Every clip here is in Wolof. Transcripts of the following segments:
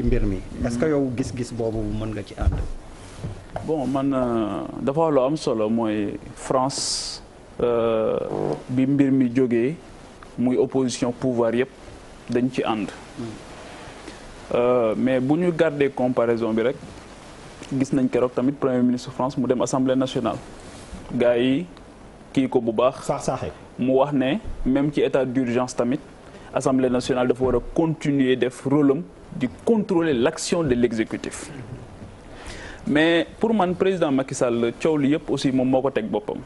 ci mbir mi est que yow gis-gis boobu mën nga ci ànd. bon man euh, dafa wax am solo mooy France euh, bi mbir mi jógee muy opposition pouvoir yëpp dañ ci ànd. Hmm. Euh, mais bu ñu garder comparaison bi rek gis nañ keroog tamit premier ministre France mu dem assemblée nationale. gars yi kii ko bu baax. saax saaxe mu wax ne même ci état d'urgence tamit assemblée nationale dafa war a def rôle di contrôler l'action de l'exécutif mais pour man président Macky Sall coow li yëpp aussi moom moo ko teg boppam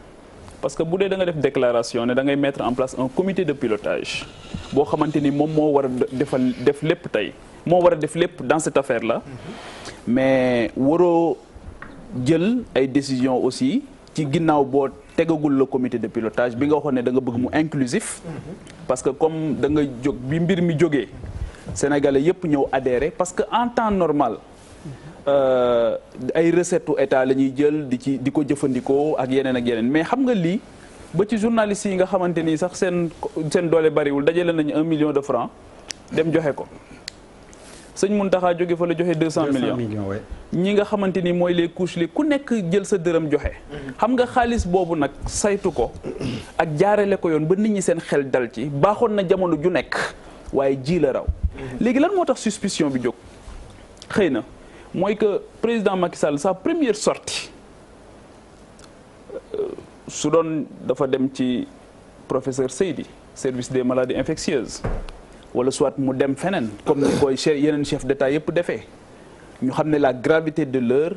parce que bu dee da nga def déclaration ne dangay ngay mettre en place un comité de pilotage boo xamante ni moom moo war a defal def lépp tey moo war a def lépp dans cette affaire la mais waroo jël ay décisions aussi ci ginnaaw boo tegagul la comité de pilotage bi nga waxoon ne da nga bëgg mu inclusif mm-hmm. parce que comme da nga jóg bi mbir mi jógee sénégalais yëpp ñëw adhéré parce que en temps normal euh, ay recette u état la ñuy jël di ci di ko jëfandikoo ak yeneen ak yeneen mais xam nga lii ba ci journalistes yi nga xamante ni sax seen seen doole bariwul dajale nañu un million de francs dem joxe ko sëñ Mountakha jóge fa la joxe deux cent millions ñi nga xamante ni mooy les couches li ku nekk jël sa dërëm joxe xam nga xaalis boobu nag saytu ko ak jaarale ko yoon ba nit ñi seen xel dal ci baaxoon na jamono ju nekk waaye jii la raw. léegi lan moo tax suspicion bi jóg xëy na mooy que président Macky Sall sa première sortie euh, su doon dafa dem ci professeur Seydi service de maladies infectieuses wala soit mu dem feneen comme ni koy yeneen chef de d'état yëpp defee ñu xam ne la gravité de leur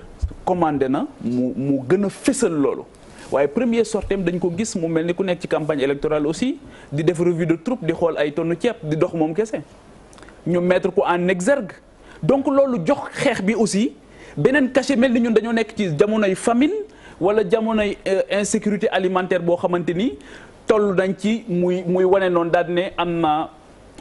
commandé na mu mu gën a fësal loolu. waaye premier sortem dañ ko gis mu mel ni ku nekk ci campagne électorale aussi di def revue de troupe di xool ay tonn ceeb di dox moom kese ñu mettre ko en exergue donc loolu jox xeex bi aussi beneen cachet mel ni ñun dañoo nekk ci jamonoy famine wala jamonoy euh, insécurité alimentaire boo xamante ni toll dañ ci muy muy wane noonu daal ne am na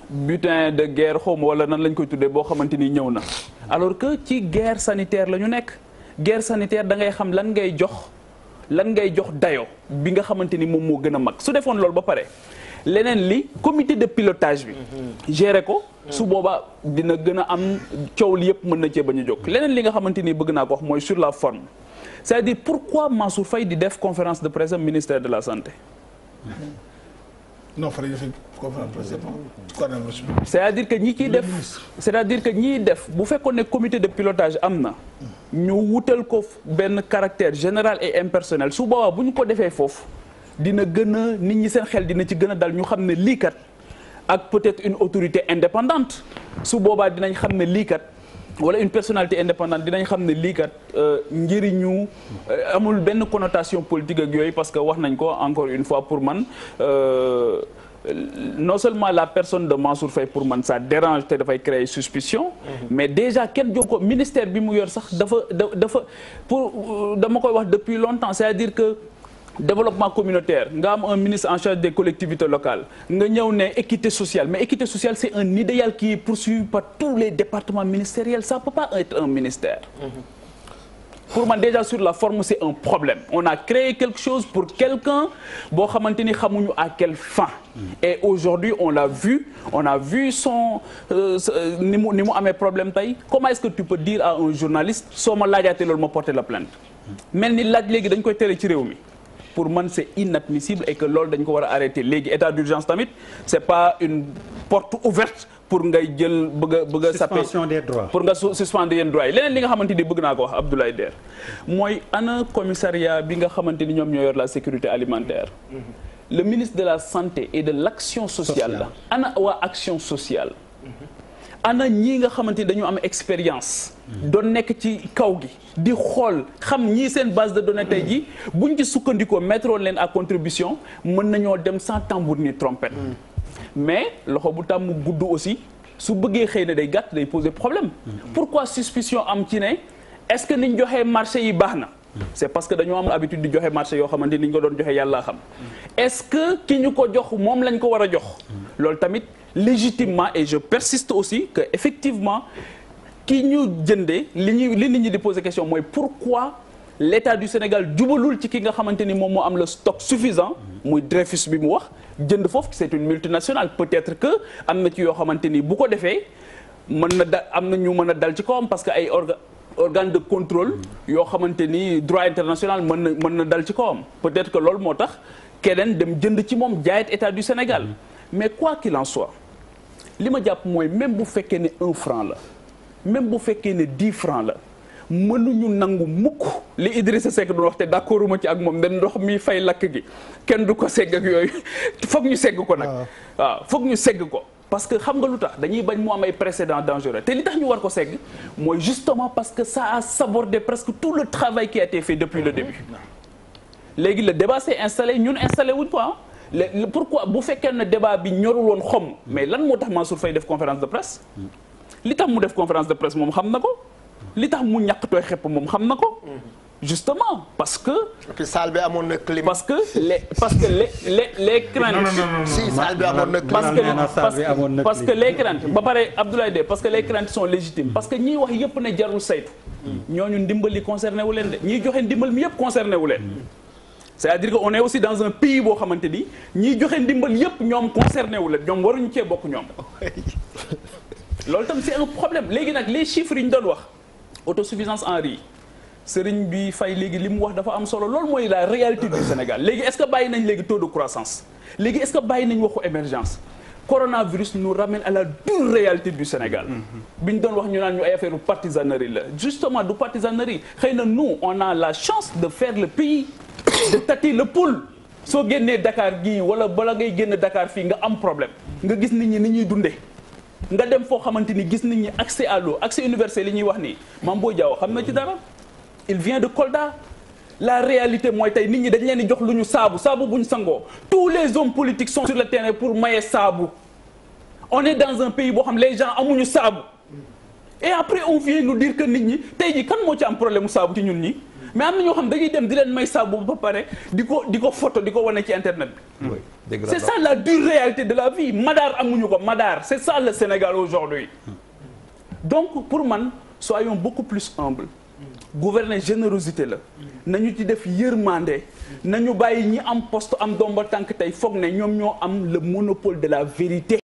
butin de guerre xawma wala nan lañ koy tuddee boo xamante ni ñëw na alors que ci guerre sanitaire la ñu nekk guerre sanitaire da ngay xam lan ngay jox lan ngay jox dayo bi nga xamante ni moom moo gën a mag su defoon loolu ba pare leneen li commité de pilotage bi. gérer ko su boobaa dina gën a am coow li yëpp mën na cee bañ a jóg. leneen li nga xamante ni bëgg naa ko wax mooy sur la forme c'est-à-dire pourquoi Mansour fay di def conférence de presse ministère de la santé. non fa la ñuy conférence presse c' à dire que ñi ciy def c' est à dire que ñiy def bu fekkoon ne comité de pilotage am na. ñu wutal ko benn caractère général et impersonnel su boobaa bu ñu ko defee foofu dina gën a nit ñi seen xel dina ci gën a dal ñu xam ne lii ak peut-être une autorité indépendante su boobaa dinañ xam ne lii wala une personnalité indépendante dinañ xam ne lii kat euh, euh, amul benn connotation politique ak yooyu parce que wax nañ ko encore une fois pour man euh, non seulement la personne de Mansour Faye pour man ça dérange te dafay créer suspicion. Mhm. mais déjà kenn ministère bi mu yor sax dafa dafa pour dama koy wax depuis longtemps c'est-à-dire que. développement communautaire nga am un ministre en charge des collectivités locales nga ñëw ne équité sociale mais équité sociale c'est un idéal qui est poursuivi par tous les départements ministériels ça peut pas être un ministère mm-hmm. pour man déjà sur la forme c'est un problème on a créé quelque chose pour quelqu'un boo xamante ni xamuñu à quelle fin mm-hmm. et aujourd'hui on l'a vu on a vu son euh, euh, ni mu ni mu amee problème tey comment est-ce que tu peux dire à un journaliste soo ma laajaatee loolu ma porter la plainte mm-hmm. mel ni laaj léegi dañ koy tere ci réew mi pour man c'est inadmissible et que loolu dañ ko war a arrêter léegi état d'urgence tamit c'est pas une porte ouverte pour ngay jël bëgg a bëgg a sappe pour nga suspendre yenn droit yi leneen li nga xamante ni bëgg naa ko wax Abdoulaye Der mooy ana commissariat bi nga xamante ni ñoom ñoo yor la sécurité alimentaire mhm. le ministre de la santé et de l'action sociale la ana waa action sociale mhm. ana ñii nga xamante ni dañu am expérience. doon nekk ci kaw gi. di xool xam ñii seen base de données tey jii ñu ci sukkandikoo mettre leen ak contribution mën nañoo dem sans tambour ni trompette. mais loxo bu tàmm gudd aussi su bëggee xëy na day gàtt day poser problème. pourquoi suspicion am ci ne est-ce que niñ joxe marché yi baax na. c'est parce que dañoo am habitude di joxe marché yoo xamante ni ñu ko doon joxe yàllaa xam. est-ce que ki ñu ko jox moom lañ ko war a jox. loolu tamit légitimement et je persiste aussi que effectivement ki ñu jëndee li ñuy li nit ñi di poser question mooy pourquoi l'état du Sénégal jubalul ci ki nga xamante ni moom moo am le stock suffisant muy Dreyfus bi mu wax jënd foofu c'est une multinationale peut-être que am na ci yoo xamante ni bu ko defee mën na da am na ñu mën a dal ci kawam parce que ay orga organe de contrôle yoo xamante ni droit international mën na mën na dal ci kawam peut-être que loolu moo tax keneen dem jënd ci moom jaayet état du Sénégal. mais quoi qu'il en soit li ma jàpp mooy même bu fekkee ne un franc la même bu fekkee ne dix franc la mënuñu nangu mukk li Idrissa Seck doon wax te d'accorduma ci ak moom ne ndox mi fay lakk gi kenn du ko segg ak yooyu foog ñu segg ko nag waaw ah. ah, foog ñu segg ko parce que xam nga lu tax dañuy bañ mu am ay précédents dangereux te li tax ñu war ko segg mooy justement parce que ça a sabordé presque tout le travail qui a été fait depuis le ah début léegi le débat s'est installé ñun installé wuñ ko ah pourquoi bu fekkee ne débat bi ñorul woon xom mais lan moo tax Mansour Faye def conférence de presse li tax mu def conférence de presse moom xam na ko li tax mu ñàkk tooy xepp moom xam na ko justement parce que. puis salle bi amoon na clim. parce que les parce que les les les na clim. parce que parce que les craintes ba pare Abdoulaye de parce que les craintes sont légitimes. parce que ñiy wax yëpp ne jarul saytu. Mm. ñooñu ndimbali concerné wu leen de ñiy joxe ndimbal mi yëpp concerné wu leen. c'est-à-dire que on ne aussi dans un pays boo xamante ni ñiy joxe ndimbal yépp ñoom concerné wu la ñoom waruñu cee bokk ñoom loolu tam c'est un problème léegi nag les chiffres yi ñu doon wax autosuffisance en riz sëriñ bi fay léegi li mu wax dafa am solo loolu mooy la réalité du Sénégal léegi est-ce que bàyyi nañ léegi taux de croissance léegi est que bàyyi nañ waxu émergence coronavirus nous ramène à la dure réalité du Sénégal. bi ñu doon wax ñu naan ñu ay affaire partisanerie la justement du partisanerie xëy na nu on a la chance de faire le pays de tati le pouls. soo génnee dakaar gi wala bala ngay génn dakaar fii nga am problème nga gis nit ñi ni ñuy dundee nga dem foo xamante ni gis nit ñi accès à l'eau accès universel li ñuy wax nii Mame Boye Diao xam na ci dara il vient de Kolda la réalité mooy tey nit ñi dañ leen di jox lu ñu saabu saabu bu ñu sangoo tous les hommes politiques sont sur le terrain pour maye saabu on est dans un pays boo xam les gens amuñu saabu et après on vient nous dire que nit ñi tey jii kan moo ci am problème mu saabu ci ñun ñi mais am na ñoo xam dañuy dem di leen may saabu ba pare di ko di ko photo di ko wane ci internet bi c'est ça la dure réalité de la vie madaar amuñu ko madaar c'est ça le Sénégal hmm. donc pour man soyons beaucoup plus humbles gouverner générosité la na ñu ci def yërmande nañu bàyyi ñi am post am domba tànk tey foog ne ñoom ñoo am le monopole de la vérité